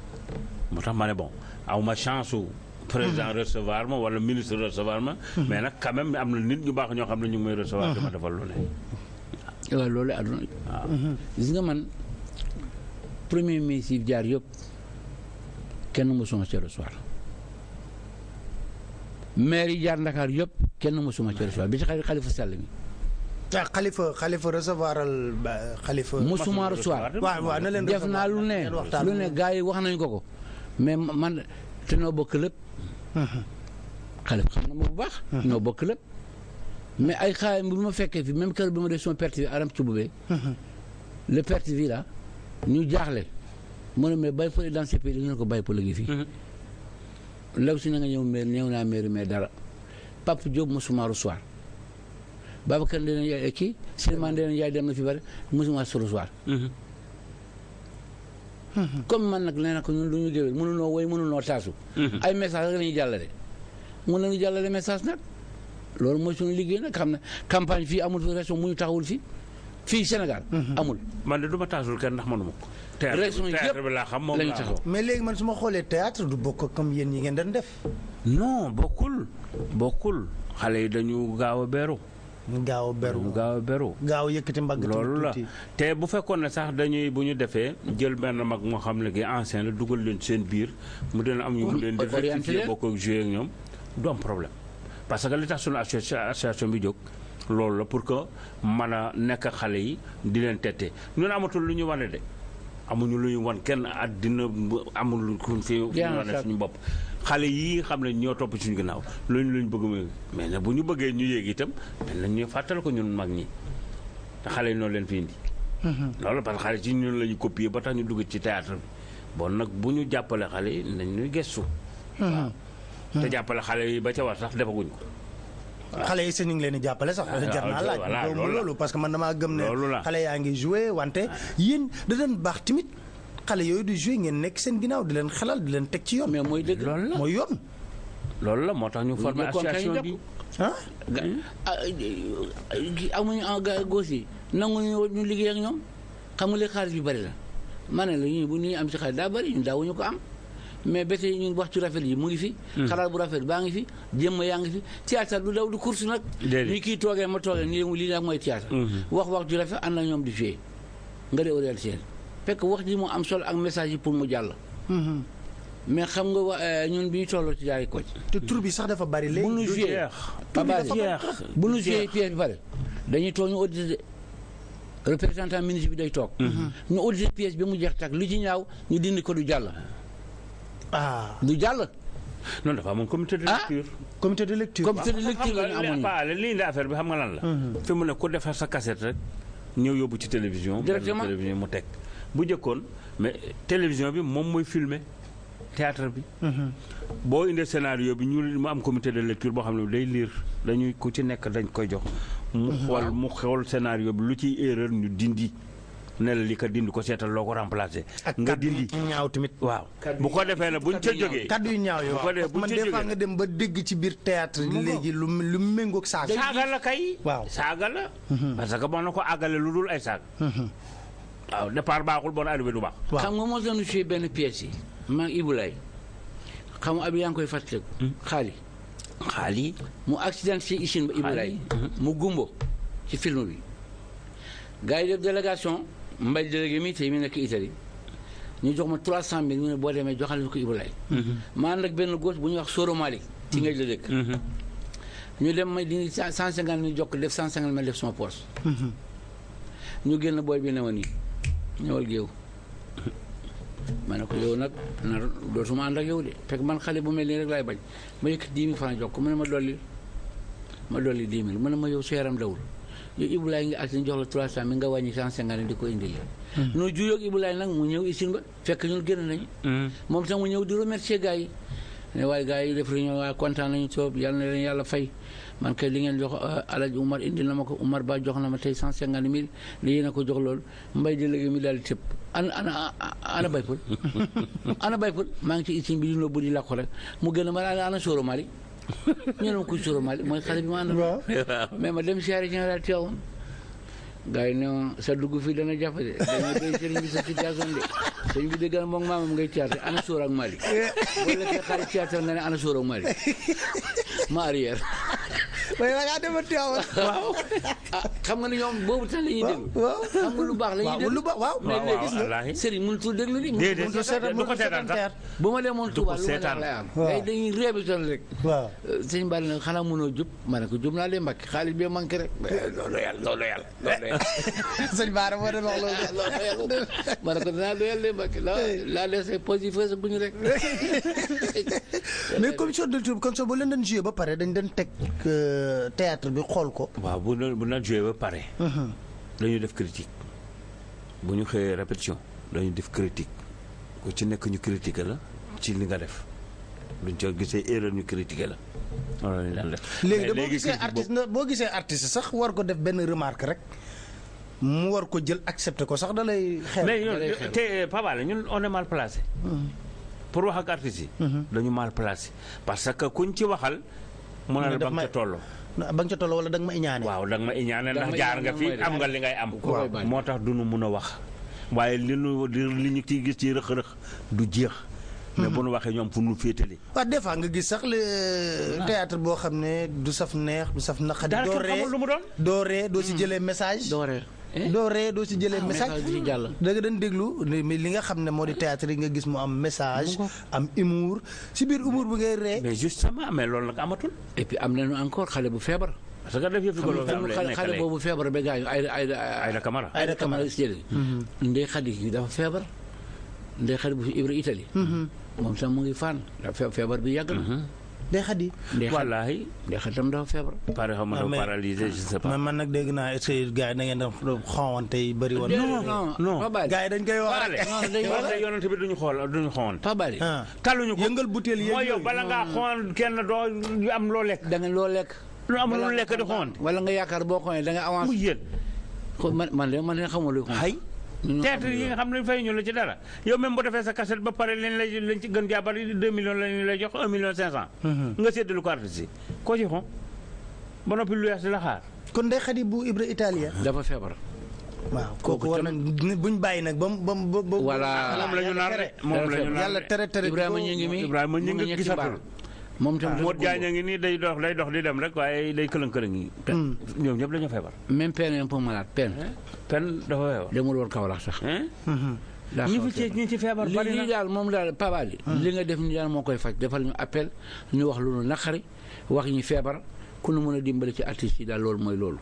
moo tax ma ne bon aw ma chance président hmm. recevoir ma wala ministre recevoir ma. Hmm. mais na quand même am na nit ñu baax ñoo xam ne ñu ngi may recevoir. dama hmm. defal lu ne. waaw loolu nga man premier ministre jaar yëpp kenn mosuma ci recevoir maire jaar Ndakaar yëpp kenn mosuma ci recevoir bi ci Xalifa Sall mi. ah xalifa xalifa xalifa. mosuma recevoir waaw waaw na leen recevoir def naa lu ne lu yi wax nañu ko ko. mais man te noo bokk lépp. xale xam na ma bu baax. Uh-huh. noo bokk lépp. mais ay xaayam bu ma fekkee fi même kër bi ma def sama perte bi aram tububee. Uh-huh. le perte bi la ñu jaaxle. mu ne mais bay fële dans ce pays dañu ko bàyyi pële gi fii. léegi uh-huh. su na ñëw maire ñëw naa maire mais dara Pape Diop mosuma recevoir Babacar Ndeye kii Souleymane Ndeye yaay dem na fi bari mosuma recevoir. Mm-hmm. comme man nag nee na ko ñun du ñu géwél mënunoo woy mënunoo taasu mm-hmm. ay message rek la ñuy jàllale mën nañu jàllale message nag loolu mooy suñu liggéey nag xam ne campagne fii amul fi région mu ñu taxawul fii fii Sénégal mm-hmm. amul man de du ma taasul kenn ndax mënu ma ko région yëpp laa xam moom lañu taxaw mais léegi man su ma xoolee théâtre du bokk comme yéen yi ngeen doon def non bokkul bokkul xale yi dañu gaaw a beeru ñu gaaw a beru ñu gaaw a beru. gaaw a yëkkati mbagg loolu la te bu fekkoon ne sax dañuy bu ñu defee jël benn mag moo xam ne ki ancien la dugal leen seen biir mu dina am ñu leen diversifié bokk ak joué ak ñoom du problème parce que li tax suñu association bi jóg loolu la pour que mën a nekk xale yi di leen tette ñun amatul lu ñu wane de amuñu lu ñu wan kenn àddina amul kuñ fi wane ñu bopp xale yii xam ne ñoo topp suñu ginnaaw loolu lañ bëgg mooy mais nag bu ñu bëggee ñu yéeg itam mel na ñu ko ñun mag ñi te xale yi noonu leen fi indi. Mm-hmm. loolu xale ci ñun la ñu copier ba tax ñu dugg ci théâtre bi nag bu ñu jàppale xale yi nañ ñuy gëstu. Mm-hmm. waaw mm-hmm. xale yi ba ca war sax ko. xale yi seen i leen jàppale sax jar naa laaj loolu parce que man damaa gëm ne xale yaa ngi joué wante yéen da doon baax tamit xale yooyu di joué ngeen nekk seen ginnaaw di leen xelal di leen teg ci yoon. mais mooy dëgg loolu la mooy yoon. loolu la moo tax ñu former association bi ah. amuñu en gos yi nangu ñu ñu liggéey ak ñoom xam nga léegi xaalis bi bari la ma ne la ñu bu ñu am ci xaalis daa bari ñun daawuñu ko am. mais ba ñu wax ci rafet yi mu ngi fi. xalaat bu rafet baa ngi fi jëmm yaa ngi fi théâtre du daw du course nag. ni ñu kii toogee ma toogee nii lii nag mooy théâtre. wax wax ju rafet ànd ak ñoom di fee nga de seen. fekk wax ji mu am solo ak message yi pour mu jàll. Mhm. mais xam nga wa euh, ñun bi tollu ci jaay ko te tur bi sax dafa bari léegi. bu nu joué Pabal bu nu joué pièce bi pare dañuy toog ñu audité représentant ministre bi day toog. Mhm. ñu audité pièce bi mu jeex tak lu ci ñaaw ñu dindi ko du jàll. ah du jàll. non dafa amoon comité de ah. lecture. comité de lecture comité de lecture la ñu amoon ñu. lii la affaire bi xam nga lan la. Mhm. fi mu ne ku defar sa cassette rek ñëw yóbbu ci télévision. directement mu teg. bu njëkkoon mais télévision bi moom mooy filme théâtre bi. Mm-hmm. boo indee scénario bi ñu mu am comité de lecture boo xam ne day liir dañuy ku ci nekk dañ koy jox. mu mm-hmm. xool mu xool scénario bi lu ci erreur ñu dindi. ne la li ka dindi ko seetal loo ko ak nga dindi ñaaw tamit. waaw bu ko defee nag buñ ca jógee. kaddu yu ñaaw yi waaw man des fois nga dem ba dégg ci biir théâtre léegi lu lu méngoog saaga. saaga la kay. waaw saaga la. Mm-hmm. parce que mën na ko àggale lu dul ay saaga. waaw départ baaxul bon arrivé du baax. xam nga moo doon suy benn pièce yi. maa ngi Ibou ab yaa ngi koy fàttaliku. Hmm. xaali. xaali mu accident si usine ba Ibou hmm. mu gumbo ci film bi. gars yi def délégation mbay délégué mi tey mi nekk Italie ñu jox ma 300000 mu ne boo demee joxal ko Ibou Laye. Hmm. ma ànd ak benn góor bu ñuy wax Soro Malick. ci dëkk. ñu dem may dindi cent cinquante mille jokk def cent cinquante mille def sama poche. ñu génn booy bi ne nii. ñëwal géew ma ko yow nag na dootuma ànd ak yow de fekk man xale bu mel nii rek laay bañ ma yëkkat dix mille francs jox ko mu ne ma dolli ma dolli dix mille ma yow su yaram dawul yow Ibulaay nga ak ñu jox la trois cent nga wàññi cent cinquante di ko indil hmm. noo juyoo ak Ibulaay nag mu ñëw isin ba fekk ñun génn nañu hmm. moom tam mu ñëw di remercier gars yi ne waaye gars yi def réunion waa kontaan nañu soob yàlla na leen yàlla fay man kay li ngeen jox euh, alaaj Umar indi na ma Umar ba jox na ma tey cent cinquante mille li yéen a ko jox loolu mbay di léegi mi daal di tëb ana ana ana baypul ana maa ngi ci itin a ma ana sóoro Mali ñu ne ma kuy sóoro Mali mooy xale bi ma ànd mais ma dem siyaare ci daal teewoon gaa yi sa dugg fii dana jàpp de dañoo doy sëriñ bi sa situation de sëriñ bi dëggal moom maamam ngay caata ana sóor ak ma arrière waaye da ngaa demoon Tiwaawan. waaw xam nga ni ñoom boobu tan la ñuy waaw xam lu baax la ñuy déglu. lu baax waaw waaw waaw alaahi. Serigne mënutul déglu ni. déedéet du mu seetaan ma lu ma neex lay am. waaw eh, dañuy réebital rek. waaw eh, sëñ ma ne ko jub naa leen mbàkk xaalis bi manqué rek. Eh, loolu yàlla loolu yàlla loolu yàlla. sëñ Bara moo doon wax loolu yàlla. ma ne ko dinaa doyal leen mbàkk la laa laissé rek. mais commission de tourisme comme ça boo leen doon joué ba pare dañ doon teg euh, théâtre bi xool ko. waaw bu ñu bu ñu joué ba pare. Uh-huh. dañuy def critique bu ñu xëyee répétition dañuy def critique ku ci nekk ñu critiqué la ci li nga def duñ ca gisee ñu critiqué la. la daan def léegi boo gisee artiste boo gisee artiste sax war ko def benn remarque rek. mu war ko jël accepté ko sax da lay. xew mais te Pabal ñun on est mal placé. Hmm. pour wax ak artistes yi. Hmm. dañu mal placé parce que kuñ ci waxal. mu ne la ba tolloo. ba nga ca toll wala da nga ma iñaane waaw da nga ma iñaane ndax jaar nga fi am nga li ngay am moo tax du nu mun a wax waaye li nu li ñu ciy gis ci rëq-rëq du jeex mais mhm. bu nu waxee ñoom fu nu féetali waaw des fois nga gis sax le euh, ah. théâtre boo xam ne du saf neex du saf naqari doo ree doo si mm. jëlee message doo Eh? doo ree doo si jëlee ah, message da nga doon déglu li nga xam ne moo di théâtre nga gis mu am message am humour si biir humour bi ngay ree mais justement mais loolu nag amatul et puis am nañu encore xale bu feebar parce que da Camara ay da Camara si jëlee mm-hmm. ndey dafa feebar ndey xadi bu Ibra mm-hmm. moom sax mu ngi faan feebar bi yàgg na mm-hmm. day xadi wallaahi day xatam dafa feebar pare xaw ma dafa ah, paralysé man nag dégg naa est-ce que gars yi da ngeen def xawante yi bëri woon non non gars yi dañ koy waxale waxale yonent bi duñu xool duñu xawante tabari ah. taluñu ko yëngal butéel yëngal mooy yow bala ngaa xawante kenn am loo lekk da nga loo lekk lu am lekk di xawante wala nga yaakaar boo xawante danga nga avancé mu yéen man man de man de xamul lu xawante théâtre yi nga xam ne fay ñu la ci dara yow même bu defee sa cassette ba pare lañ lay lañ ci gën jàppal 2 millions lañ lay jox 1 million 500. Mhm. nga séddalu ko artiste yi koo ci ba noppi lu weex di la xaar. kon day xadi bu Ibra Italia. Ah. dafa feebar. waaw kooku war na ñu bàyyi nag ba mu ba mu ba mu. voilà ah, moom la ñu nar naa la ñu nar Ibrahima ñu ngi mi Ibrahima ñu ngi gisatul moom tamit ah. Modou Diagne a nii day dox day dox di dem rek waaye day këlën këlën yi. pen hmm. ñoom ñëpp dañoo feebar. même pen un peu malade pen. pen dafa feebar. demul woon Kaolack sax. Hmm. daa xaw a feebar ci feebar bari na lii daal moom daal Pabali. Hmm. li nga def ni daal moo koy faj defal ñu apel ñu wax lu nu naqari wax ñu feebar ku nu mun a dimbali ci artistes si daal loolu mooy loolu.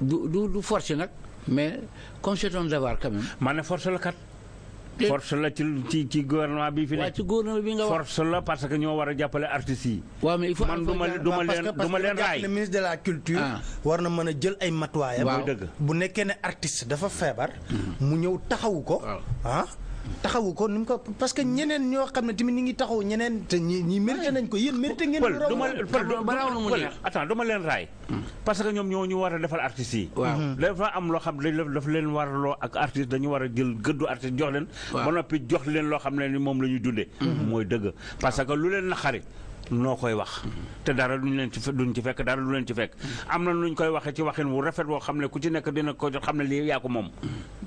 du du du force nag mais comme c'est un devoir quand même. maanaam la kat. force la ci ci ci gouvernement bi fi nekk. bi nga wax force la parce que ñoo war a jàppale artistes yi. waaw mais il man du ma leen du ma leen raay. de la culture. Ah. war na mën a jël ay matuwaayam. waaw dëgg bu nekkee ne artiste dafa feebar. Mhm. mu ñëw taxawu ko. ah taxawu ko ni mu ko parce que ñeneen ñoo xam ne tamit ñi ngi taxaw ñeneen te ñi ñi mérité nañ ko yéen mérité ngeen. attends du ma leen raay. parce que ñoom ñoo ñu war a defal artistes yi. waaw mm-hmm. dafa am loo xam dañ daf leen war loo ak artiste dañu war a jël gëddu artiste jox leen. noppi jox leen loo xam ne ni moom la ñu dundee. Mm-hmm. mooy dëgg parce que lu leen naqari. noo koy wax mm-hmm. te dara duñ leen ci duñ ci fekk dara du leen ci fekk am na nuñ koy waxee ci waxin wu rafet xam ne ku ci nekk dina ko jot ne lii yaa moom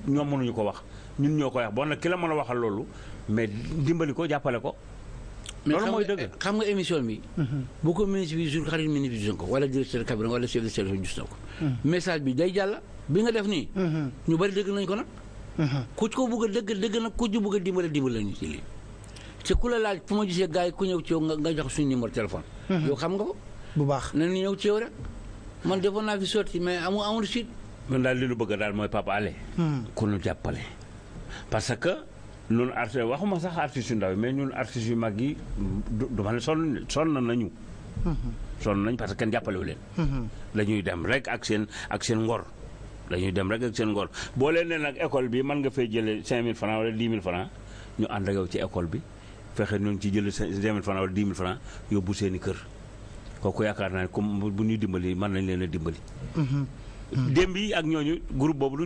ñoom mënuñu ko wax ñun ñoo koy wax bon nag ki la a waxal loolu mais dimbali ko jàppale ko. loolu mooy dëgg xam nga émission bi. Mhm. bu ko ministre bi jour xarit ministre bi gis ko wala directeur mhm. message bi day jàll bi nga def nii. Mhm. ñu bari dëgg nañ ko nag. ku ko bëgg a dëgg dëgg nag ku ci bëgg a dimbale dimbale ñu ci lii. te ku la laaj fu ma gisee gars yi ku ñëw ci yow nga jox suñu numéro téléphone. yow xam nga ko. bu baax nañu ñëw ci yow rek man defoon naa fi sorti mais amul amul suite. man daal li lu parce que loolu artiste waxuma sax artistes yu ndaw mais ñun artistes yu mag yi du ma ne sonn na nañu. Mhm. sonn nañ parce que kenn jàppalewu leen. Mhm. dañuy dem rek ak seen ak seen ngor. dañuy dem rek ak seen ngor boo leen ne nag bi mën nga fay jëlee 5000F wala 10000F ñu ànd bi fexe ci jëlee 5000F wala 10000F yóbbu seen i kër kooku yaakaar naa ne comme bu ñuy dimbali a dimbali. Mhm. démb yi ak ñooñu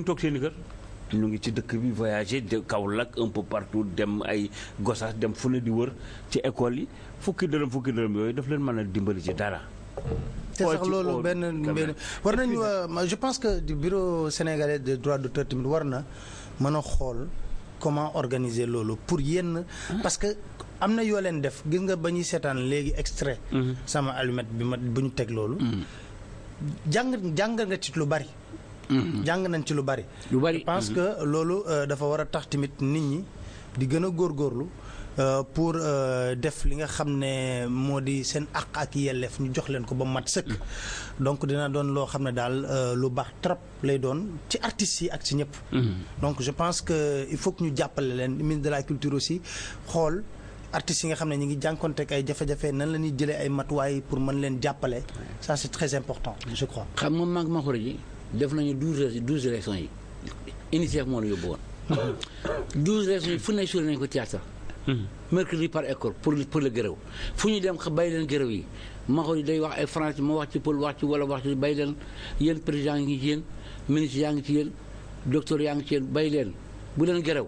toog seen kër. ñu ngi ci dëkk bi voyager de Kaolack un peu partout dem ay Gossas dem fu di wër ci école yi fukki dërëm fukki dërëm yoy daf leen mën dimbali ci dara. c'est sax loolu ben benn war nañu euh, je pense que du bureau sénégalais des droits d'auteur tamit war na mën a comment organiser loolu pour yenn parce que. amna yo len def gis nga ba sétane légui extrait. Mm-hmm. sama allumette bi ma bu ñu teg mm-hmm. jang jàng nga ci lu bari. Mm-hmm. jàng nañ ci lu bari. lu bari je pense que mm-hmm. loolu euh, dafa war a tax tamit nit ñi di gën a góorgóorlu. Euh, pour euh, def li nga xam ne moo di seen àq ak yelleef ñu jox leen ko ba mat sëkk. Mm-hmm. donc dina doon loo xam ne daal lu baax trop lay doon ci artistes yi ak ci ñëpp. donc je pense que il faut que ñu jàppale leen ministre de la culture aussi xool artistes yi nga xam ne ñu ngi jànkonteeg ay jafe-jafe nan la ñuy jëlee ay matuwaay pour mën leen jàppale. ça c'est très important je crois. xam nga mag ma def nañu douze douze élections yi UNICEF moo la yóbbu woon douze élections yi fu ne suur nañu ko théâtre mercredi par école pour pour le gërëw fu ñu dem bay leen gërëw yi maxo yi day wax ay france ma wax ci pour wax ci wala wax ci bàyyi leen yéen président yi ngi ci yéen ministre yaa ngi ci yéen docteur yaa ngi ci yéen bay leen bu leen gërëw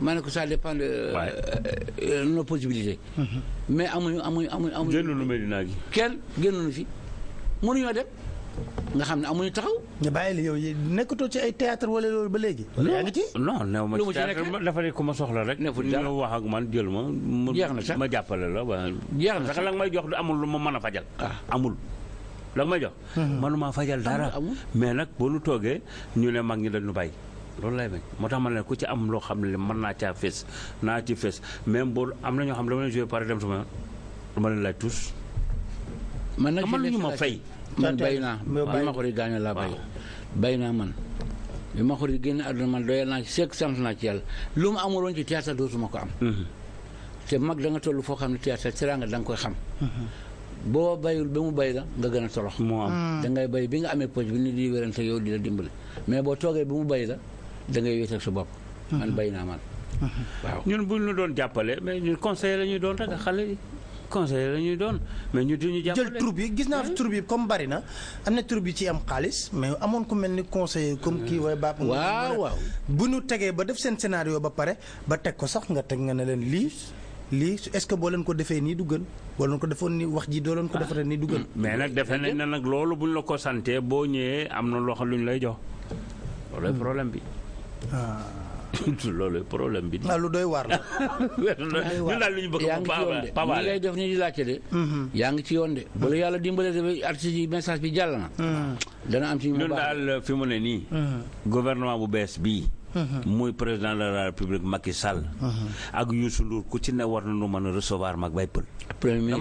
ma ne ko ça dépend de. Euh, euh, nos possibilités. Mm-hmm. mais amuñu amuñu amuñu amuñu. génnuñu Medina gi. kenn génnuñu fi mënuñoo dem nga xam ne amuñu taxaw. nga bàyyi la yow yi nekkatoo ci ay théâtre wala loolu ba léegi. wala yaa ngi ci non néew ma ci théâtre ku ma soxla rek. nekkul dara wax ak man jël ma. jeex na sax ma jàppale la waaw. jeex na sax la may jox du amul lu ma mën a fajal. Ah. amul. la nga may jox. mënuma mm-hmm. fajal dara. mais nag boo nu toogee ñu ne mag ñi dañu bàyyi. loolu lay bañ moo tax ma ne ko ci am loo xam ne mën naa caa fees naa ci fees même am na ñoo xam ne dama leen joué par exemple sama dama leen laaj tous. man na ñu ma fay. man bay naa man ma xori gaañoo laa bay ah. bay naa man. bi ma xori génn àdduna man doyal naa ci yàlla lu mu amul woon ci théâtre dootuma ko am. Mhm. te mag da nga foo xam ne théâtre teraanga da nga koy xam. Mhm. boo bayul ba mu bay la nga gën a torox. moo am mm. da ngay bay bi nga amee poche bi nit di wérante yow di la dimbali mais boo toogee ba mu bay la. da ngay wéet ak sa bopp. Mhm. man bay naa man. Mhm. waaw ñun buñ ñu doon jàppale mais ñu conseiller la ñuy doon rek xale yi conseiller la ñuy doon mais ñu duñu jàppale jël troupe yi gis naa fi troupe yi comme bari na am na troupe yi ci am xaalis mais amoon ku mel ni conseil comme kii waaye bàpp waaw waaw bu ñu tegee ba def seen scénario ba pare ba teg ko sax nga teg nga ne leen lii lii est-ce que boo leen ko defee nii du gën boo leen ko defoon nii wax ji doo leen ko defaree nii du gën ah. mais nag defe nañ ne nag loolu buñ la ko santee boo ñëwee am na loo xam lay jox loolu hmm. problème bi Ah. loolu problème bi. Ah, lu doy waar la. ñun daal ñu bëgg yaa ngi di laajte de. Mm-hmm. yaa ngi ci yoon de. Mm-hmm. bi jàll na. Mm-hmm. dana am ci ñu ñun daal fi mu ne nii. muy président la république Macky Sall. ak Youssou Ndour ku ci ne war nañu mën a recevoir mag bay pël. premier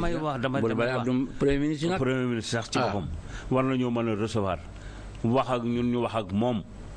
ministre premier ministre sax ci ah. boppam. war nañoo mën a recevoir wax ak ñu wax moom.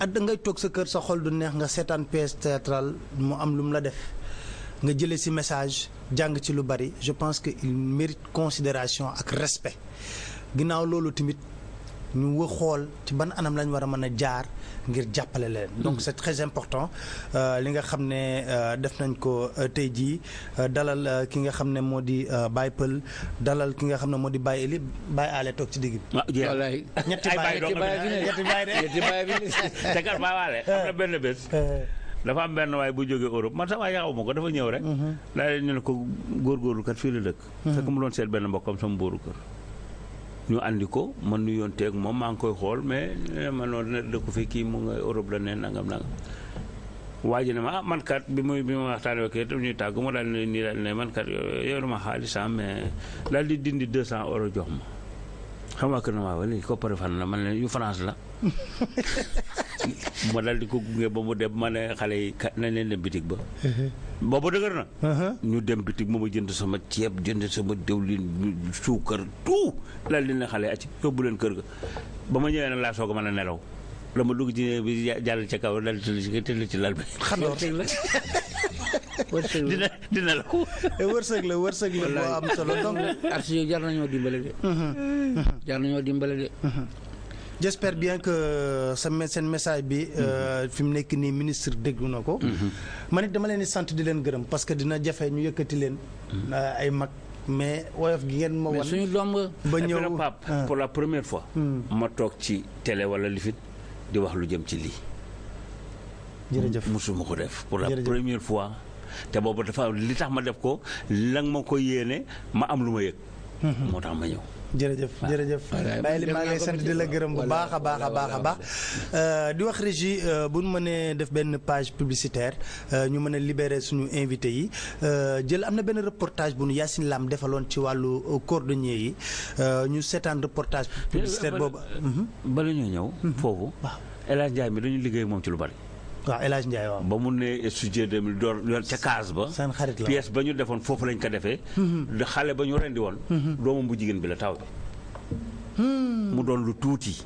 at ngay toog sa kër sa xol du neex nga seetaan pièce mu am lum la def nga jëlee ci message jàng ci lu bari je pense que il mérite considération ak respect ginnaaw loolu tamit ñu wax xool ci ban anam lañ war a mën a jaar ngir jàppale leen. Mm-hmm. donc c'est très important euh, li nga xam ne euh, def nañ ko euh, tey jii dalal ki nga xam ne moo di baay Pël dalal ki nga xam ne moo di Baye Eli baay Allé toog ci digg bi. Ah, wallaay ñetti Baye ñetti Baye de ñetti Baye de. te kat Baye Allé am na benn bés. Eh. dafa am benn waay bu jógee Europe man sax waaye xaw ma ko dafa ñëw rek. Mm-hmm. daal ñu ne ko góorgóorlu kat fii la dëkk. Mm-hmm. fekk mu doon seet benn mbokkam sama mbooru kër. ñu àndi ko man ma teeg moom maa ngi koy xool mais eh, ma noonu dëkku fi kii mu nga Europe la ne nangam nangam. waa ji ne ma ah man kat bi muy bi ma waxtaanee ak itam ñuy tàggu ma daal nii daal ne man kat yow ma xaalis ah mais daal di dindi 200 euros jox ma xam nga que ne maa wala ko pare fan la man leen yu France la. ma dal di ko gunge ba mu dem ma ne xale yi nañ leen dem bitig ba. Mhm. boobu dëgër na. Uh-huh. ñu dem bitig ma ma jënd sama ceeb jënd sama diwlin suukar tout daal di ne xale yi àcc yóbbu leen kër ga ba ma ñëwee nag laa soog a mën a nelaw la ma dugg ci bi jàll ca kaw daal di tëdd ci lal bi. xam la. wërsëg la dina dina la. Eh, wërsëg la wërsëg la. am solo donc. artistes yi jar nañoo dimbale de. jar uh-huh. nañoo dimbale de. Uh-huh. j'espère bien que euh, sa seen message bi. Euh, mhm. fi mu nekk nii ministre déglu na ko. Mhm. man it dama leen di sant di leen gërëm parce que dina jafe ñu yëkkati leen. Mhm. ay mag mais woyof gi ngeen ma wan. suñu doom ba ñëw Pape ah. pour la première fois. Hmm. ma toog ci télé wala lifit di wax lu jëm ci lii. jërëjëf musuma ko def. pour la première fois. te boobu dafa li tax ma def ko lan ma ko yéene ma am lu ma yëg. Hmm. moo tax ma ñëw. jërëjëf jërëjëf Baye Lim maa ngi lay sant di la gërëm bu baax a baax a baax a baax euh, di wax régi euh, bu ñu mënee def benn page publicitaire euh, ñu mën a libérer suñu invité yi jël am na benn reportage bu nu ñu Yacine Lam defaloon ci wàllu cordonnier yi ñu seetaan reportage publicitaire boobu bala mhm. ñoo ñëw mhm. foofu El Hadj Ndiaye mi dañu liggéey moom ci lu bari waaw El Hadj Ndiaye waaw. ba mu ne studio 2000 door ca kaas ba. seen la pièce ba ñu defoon foofu lañ ko defee. Mhm. da xale ba ñu rendi woon. Mhm. doomam bu jigéen bi la taw bi. Hmm. mu doon lu tuuti.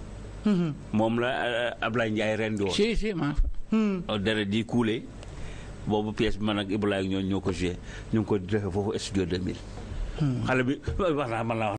Mhm. moom la euh, Ablaye Ndiaye rendi woon. si si ma. Hmm. Oh, deret di kuule boobu pièce bi man ak Ibrahima ñoo ñoo ko joué ñu ngi ko defee foofu studio 2000. Hmm. xale bi wax naa man laa wax.